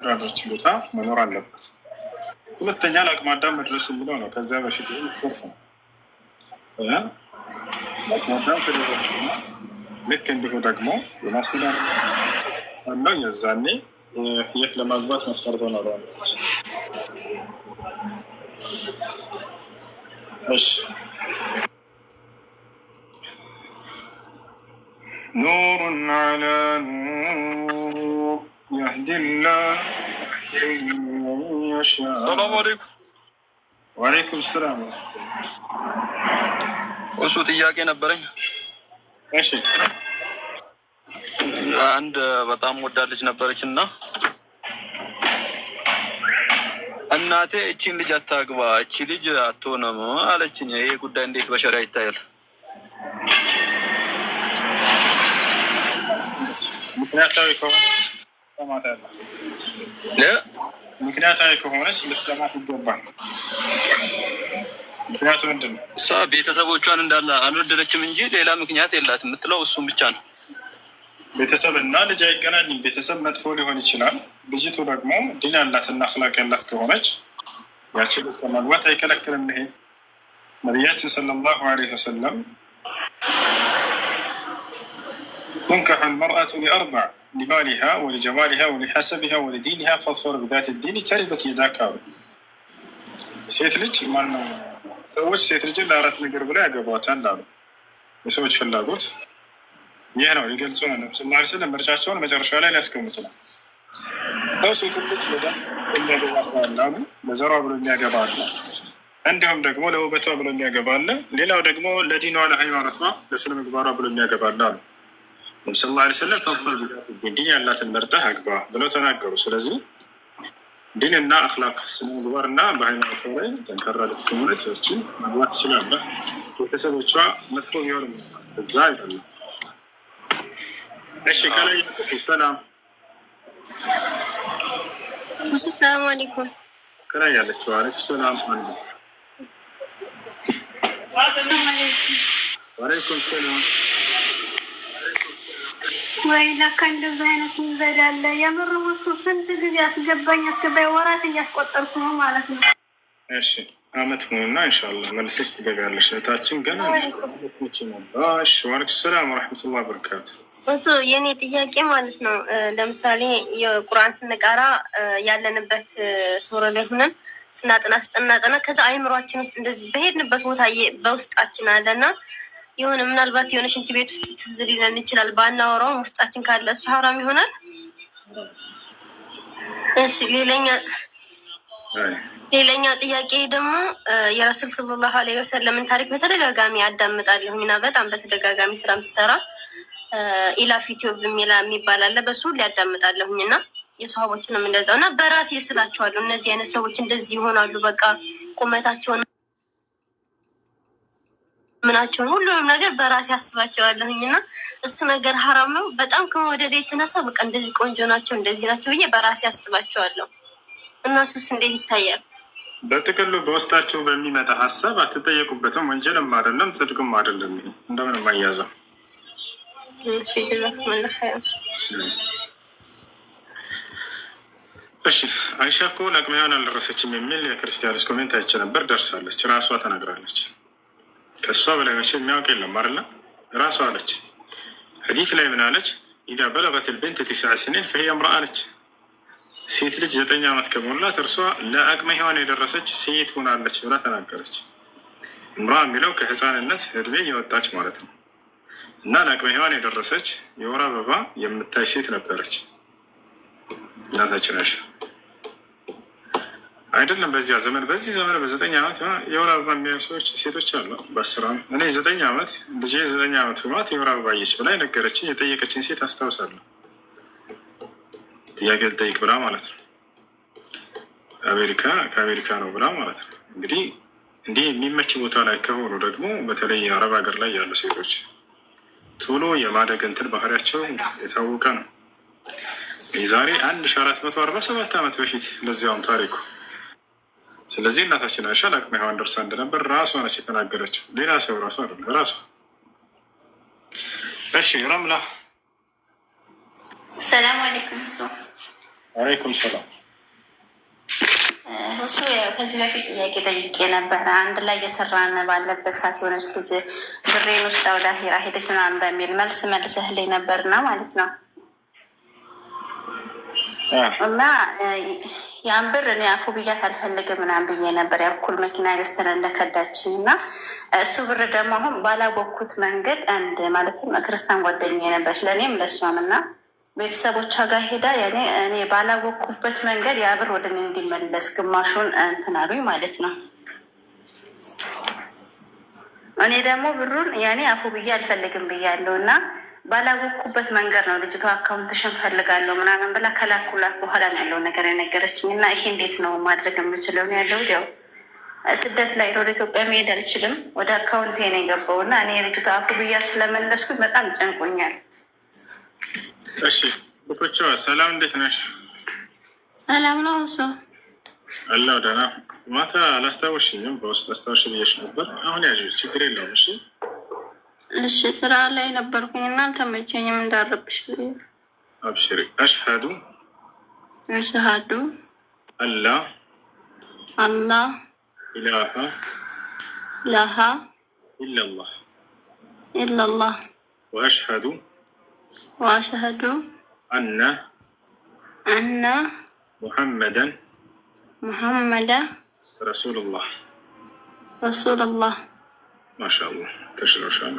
አስተዳደር ችሎታ መኖር አለበት። ሁለተኛ ለአቅመ አዳም መድረሱ ብሎ ነው። ከዚያ በፊት ይህን ስፖርት ነው ለአቅመ አዳም ተደረገ። ልክ እንዲሁ ደግሞ የማስዳር አለው የዛኔ ይህ ለማግባት መስፈርቶ ኖረዋል። እሺ ኑሩን አላ ኑር ሰላም አለይኩም። ወአለይኩም ሰላም። እሱ ጥያቄ ነበረኝ። እሺ አንድ በጣም ወዳድ ልጅ ነበረች እና እናቴ እቺን ልጅ አታግባ፣ እቺ ልጅ አትሆንም አለችኝ። ይሄ ጉዳይ እንዴት በሸሪያ ይታያል? ምክንያታዊ ከሆነ ትሰማታለህ። ምክንያታዊ ከሆነች ልትሰማት ይገባል። ምክንያቱ ምንድን ነው? እሷ ቤተሰቦቿን እንዳለ አልወደደችም እንጂ ሌላ ምክንያት የላት የምትለው እሱም ብቻ ነው። ቤተሰብ እና ልጅ አይገናኝም። ቤተሰብ መጥፎ ሊሆን ይችላል። ልጅቱ ደግሞ ድን ያላት እና አክላቅ ያላት ከሆነች ያችን ልጅ ከመግባት አይከለክልም። ይሄ ነቢያችን ሰለላሁ ዐለይሂ ወሰለም ቱንካሑ መርአቱ ሊአርባዕ ሊባሊሃ ወሊጀማሊሃ ወሊሐሰቢሃ ወሊዲኒሃ ፈዝፈር ብዛት ዲን ተሪበት የዳካ ሴት ልጅ ማነው ሰዎች ሴት ልጅን ለአራት ነገር ብላ ያገቧታል አሉ። የሰዎች ፍላጎት ይህ ነው ሊገልጹ ነው። ነብስ ላ ስለ ምርጫቸውን መጨረሻ ላይ ሊያስቀምጡ ነው። ሰው ሴት ልጅ የሚያገባ አሉ። ለዘሯ ብሎ የሚያገባ አለ። እንዲሁም ደግሞ ለውበቷ ብሎ የሚያገባ አለ። ሌላው ደግሞ ለዲኗ፣ ለሃይማኖቷ፣ ለስነ ምግባሯ ብሎ የሚያገባ አለ አሉ ስ ላ ስለም ዲን ያላትን መርጠህ አግባ ብለው ተናገሩ። ስለዚህ ዲን እና አክላቅ ስነምግባር እና በሃይማኖቷ ላይ ጠንከራ ልትሆነች ችን መግባት ትችላለህ። ቤተሰቦቿ መጥፎ ቢሆን እዛ አይደለም። እሺ ከላይ ሰላም ሰላም አለይኩም ከላይ ያለችው አለች ሰላም አንዱ ዋለይኩም ሰላም ወይ ለካ እንደዚህ አይነት አለ። የምር ውሱ ስንት ጊዜ አስገባኝ አስገባኝ ወራት እያስቆጠርኩ ነው ማለት ነው። እሺ አመት ሆኑና እንሻላ መልሰች ትገቢያለሽ። እህታችን ገና ሽ ነባሽ ሰላም ወረሕመቱላሂ በረካቱ። እሱ የእኔ ጥያቄ ማለት ነው ለምሳሌ የቁርአን ስንቀራ ያለንበት ሶረ ላይ ሆነን ስናጠና ስጠናጠና ከዛ አይምሯችን ውስጥ እንደዚህ በሄድንበት ቦታ በውስጣችን አለና የሆነ ምናልባት የሆነ ሽንት ቤት ውስጥ ትዝ ሊለን ይችላል። ባናወራውም ውስጣችን ካለ እሱ ሀራም ይሆናል። እሺ ሌላኛ ሌላኛው ጥያቄ ደግሞ የረሱል ሰለላሁ ዐለይሂ ወሰለምን ታሪክ በተደጋጋሚ አዳምጣለሁ እና በጣም በተደጋጋሚ ስራ ስሰራ ኢላፊቲዮብ የሚላ የሚባል አለ በሱ ሊያዳምጣለሁኝ እና የሰሃቦችንም እንደዛው እና በራሴ ስላቸዋለሁ እነዚህ አይነት ሰዎች እንደዚህ ይሆናሉ በቃ ቁመታቸውን ምናቸውን ሁሉንም ነገር በራሴ አስባቸዋለሁኝ እና እሱ ነገር ሀራም ነው። በጣም ከመወደድ የተነሳ በቃ እንደዚህ ቆንጆ ናቸው እንደዚህ ናቸው ብዬ በራሴ አስባቸዋለሁ እና እንዴት ይታያል? በጥቅሉ በውስጣቸው በሚመጣ ሀሳብ አትጠየቁበትም። ወንጀልም አይደለም ጽድቅም አይደለም። እንደምንም አያዘው እሺ አይሻ እኮ አልደረሰችም የሚል የክርስቲያኖች ኮሜንት አይቼ ነበር። ደርሳለች፣ ራሷ ተናግራለች። ከእሷ በላይ መቼ የሚያውቅ የለም አለ ራሷ አለች። ሐዲስ ላይ ምን አለች? ኢዛ በለቀት ልብንት ቲስዓ ስኒን ፈሂየ እምረአ አለች። ሴት ልጅ ዘጠኝ ዓመት ከሞላት እርሷ ለአቅመ ሔዋን የደረሰች ሴት ሆናለች ብላ ተናገረች። እምራ የሚለው ከህፃንነት እድሜ የወጣች ማለት ነው እና ለአቅመ ሔዋን የደረሰች የወር አበባ የምታይ ሴት ነበረች እናታችን አይደለም በዚያ ዘመን በዚህ ዘመን በዘጠኝ ዓመት የወር አበባ የሚያዩ ሰዎች ሴቶች አሉ። በስራ እኔ ዘጠኝ ዓመት ልጄ ዘጠኝ ዓመት በማለት የወር አበባ አየች ብላ የነገረችኝ የጠየቀችን ሴት አስታውሳለሁ። ጥያቄ ልጠይቅ ብላ ማለት ነው። አሜሪካ ከአሜሪካ ነው ብላ ማለት ነው። እንግዲህ እንዲህ የሚመች ቦታ ላይ ከሆኑ ደግሞ በተለይ የአረብ ሀገር ላይ ያሉ ሴቶች ቶሎ የማደግ እንትን ባህሪያቸው የታወቀ ነው። የዛሬ አንድ ሺ አራት መቶ አርባ ሰባት ዓመት በፊት ለዚያውም ታሪኩ ስለዚህ እናታችን አይሻ ለአቅመ ሔዋን ደርሳ እንደነበር ራሷ ነች የተናገረችው፣ ሌላ ሰው ራሱ አለ ራሷ። እሺ ረምላ ሰላም አለይኩም። ሶ አለይኩም ሰላም። እሱ ከዚህ በፊት ጥያቄ ጠይቄ ነበረ። አንድ ላይ እየሰራን ባለበት ሰዓት የሆነች ልጅ ብሬን ውስጥ ወደ ሂራ ሄደች ምናምን በሚል መልስ መልሰህልኝ ነበርና ማለት ነው እና ያን ብር እኔ አፉ ብያት አልፈልግም ምናምን ብዬ ነበር። ያኩል መኪና ገዝተን እንደከዳችን እና እሱ ብር ደግሞ አሁን ባላወኩት መንገድ አንድ ማለትም ክርስቲያን ጓደኛ ነበር ለእኔም ለእሷም እና ቤተሰቦቿ ጋር ሄዳ ያኔ እኔ ባላወኩበት መንገድ ያ ብር ወደ እኔ እንዲመለስ ግማሹን እንትን ማለት ነው። እኔ ደግሞ ብሩን ያኔ አፉ ብዬ አልፈልግም ብያለሁ እና ባላወቅኩበት መንገድ ነው ልጅቷ አካውንትሽን ፈልጋለሁ ምናምን ብላ ከላኩላት በኋላ ነው ያለው ነገር የነገረችኝ። እና ይሄ እንዴት ነው ማድረግ የምችለው ነው ያለው። ያው ስደት ላይ ወደ ኢትዮጵያ መሄድ አልችልም። ወደ አካውንቴ ነው የገባው እና እኔ ልጅቷ አፍ ብያ ስለመለስኩኝ በጣም ጨንቆኛል። እሺ ቶቿ ሰላም፣ እንዴት ነሽ? ሰላም ነው እሱ አላው ደህና። ማታ አላስታወሽኝም፣ በውስጥ አስታወሽ ብዬሽ ነበር። አሁን ያዥ ችግር የለውም። እሺ እሺ ስራ ላይ ነበርኩኝና አልተመቸኝም። እንዳረብሽ አብሽሪ። አሽሃዱ አሽሃዱ አላ አላ ኢላሃ ኢላሃ ኢላላህ ኢላላህ ወአሽሃዱ وأشهد أن أن محمدا محمدا رسول الله رسول الله ማሻሉ ተሽሎሻል።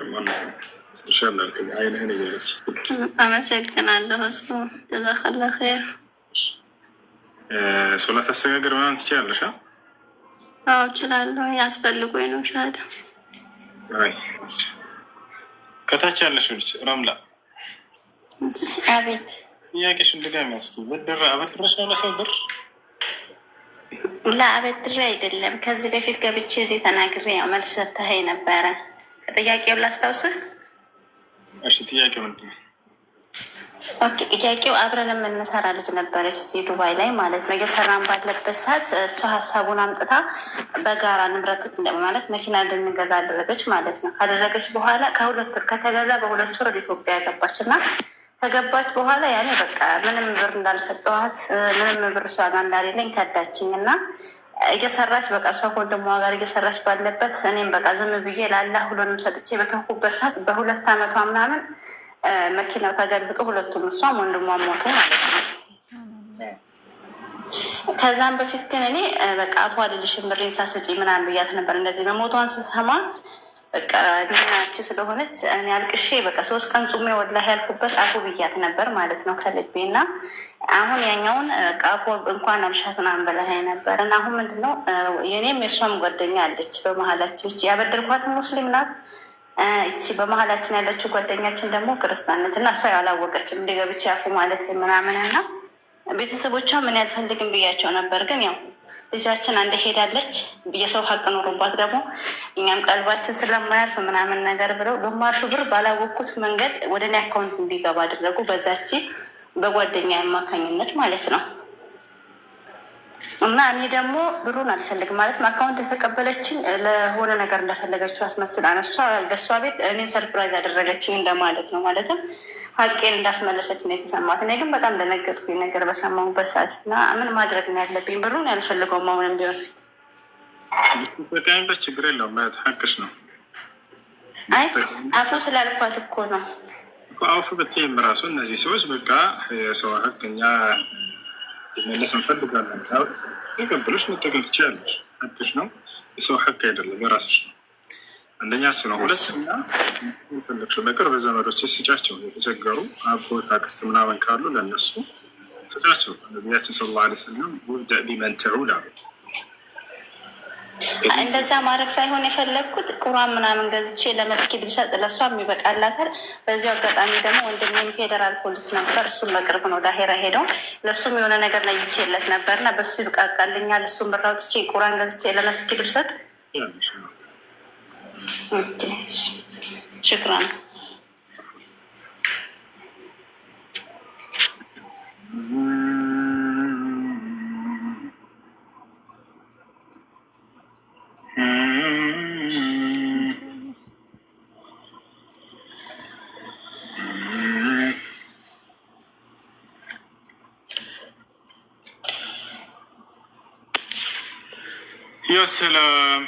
ይሻላል። አይንህን እያለች አመሰግናለሁ። እሱ ጀዛከላ ኸይር። ሶላት አስተጋገር ምናምን ትችላለሽ? አዎ እችላለሁ። ያስፈልጎኝ ነው ሻዳ ከታች ያለሽ ልጅ ረምላ አቤት። ጥያቄሽ እንድጋሚ ያስቱ ብድር አበድረሽ ነው ለሰው ብር ለአበድሬ አይደለም ከዚህ በፊት ገብቼ እዚህ ተናግሬ ያው መልስ ሰጥተኸኝ ነበረ። ጥያቄው ላስታውስህ። እሺ፣ ጥያቄው ምንድን ነው? ኦኬ፣ ጥያቄው አብረን የምንሰራ ልጅ ነበረች እዚህ ዱባይ ላይ ማለት ነው። እየሰራን ባለበት ሰዓት እሷ ሀሳቡን አምጥታ በጋራ ንብረት ማለት መኪና እንድንገዛ አደረገች ማለት ነው። ካደረገች በኋላ ከሁለት ከተገዛ በሁለት ወር ወደ ኢትዮጵያ ያገባች እና ከገባች በኋላ ያኔ በቃ ምንም ብር እንዳልሰጠዋት ምንም ብር እሷ ጋር እንዳሌለኝ ከዳችኝ እና እየሰራች በቃ እሷ ከወንድሟ ጋር እየሰራች ባለበት እኔም በቃ ዝም ብዬ ላላ ሁሉንም ሰጥቼ በተኩበት ሰዓት በሁለት ዓመቷ ምናምን መኪናው ተገልብጦ ሁለቱም እሷም ወንድሟ ሞቱ ማለት ነው። ከዛም በፊት ግን እኔ በቃ አቶ አልልሽም ብሬን ሳስጪ ምናምን ብያት ነበር። እንደዚህ በሞቷን ስሰማ በቃ ድናች ስለሆነች እኔ አልቅሼ በቃ ሶስት ቀን ጹሜ ወላሂ ያልኩበት አፉ ብያት ነበር ማለት ነው ከልቤ እና አሁን ያኛውን ቃፎ እንኳን አምሻት ምናምን በላይ ነበር እና አሁን ምንድነው የኔም የእሷም ጓደኛ አለች በመሀላችን ያበደርኳት ሙስሊም ናት። እቺ በመሀላችን ያለችው ጓደኛችን ደግሞ ክርስቲያን ነች እና እሷ ያላወቀችም እንደገብች ያፉ ማለት ምናምን እና ቤተሰቦቿ ምን ያልፈልግም ብያቸው ነበር ግን ያው ልጃችን አንድ ሄዳለች የሰው ሀቅ ኖሮባት ደግሞ እኛም ቀልባችን ስለማያልፍ ምናምን ነገር ብለው ግማሹ ብር ባላወቅኩት መንገድ ወደ እኔ አካውንት እንዲገባ አደረጉ። በዛች በጓደኛ አማካኝነት ማለት ነው። እና እኔ ደግሞ ብሩን አልፈልግም ማለትም አካውንት የተቀበለችኝ ለሆነ ነገር እንደፈለገችው አስመስል አነሷ በእሷ ቤት እኔ ሰርፕራይዝ ያደረገችኝ እንደማለት ነው። ማለትም ሀቄን እንዳስመለሰች ነው የተሰማት። እኔ ግን በጣም ደነገጥኩኝ ነገር በሰማሁበት ሰዓት እና ምን ማድረግ ነው ያለብኝ? ብሩን ያልፈልገውም አሁንም ቢሆን በቃይበት ችግር የለውም። ሀቅሽ ነው። አይ አፉ ስላልኳት እኮ ነው አፉ ብትይም ራሱ እነዚህ ሰዎች በቃ የሰው ሀቅ እኛ መለስ እንፈልጋለን። ተቀብሎች መጠቀም ትችላለች። ሀቅሽ ነው። የሰው ሀቅ አይደለም የራስሽ ነው። አንደኛ እሱ ነው። ሁለተኛ በቅርብ ዘመዶች ስጫቸው፣ የተቸገሩ አጎት፣ አክስት ምናምን ካሉ ለእነሱ ስጫቸው። ነቢያችን ስለ ላ ስለም ውብደእ ቢመን ተዑል አሉ እንደዛ ማድረግ ሳይሆን የፈለግኩት ቁራን ምናምን ገዝቼ ለመስጊድ ብሰጥ ለእሷም የሚበቃላታል። በዚሁ አጋጣሚ ደግሞ ወንድሜም ፌዴራል ፖሊስ ነበር፣ እሱም በቅርብ ነው ዳሄራ ሄደው ለእሱም የሆነ ነገር ለይቼለት ነበር እና በሱ ይብቃቃልኛል። እሱም ብር አውጥቼ ቁራን ገዝቼ ለመስጊድ ብሰጥ ሽክራ ነው። c'est le...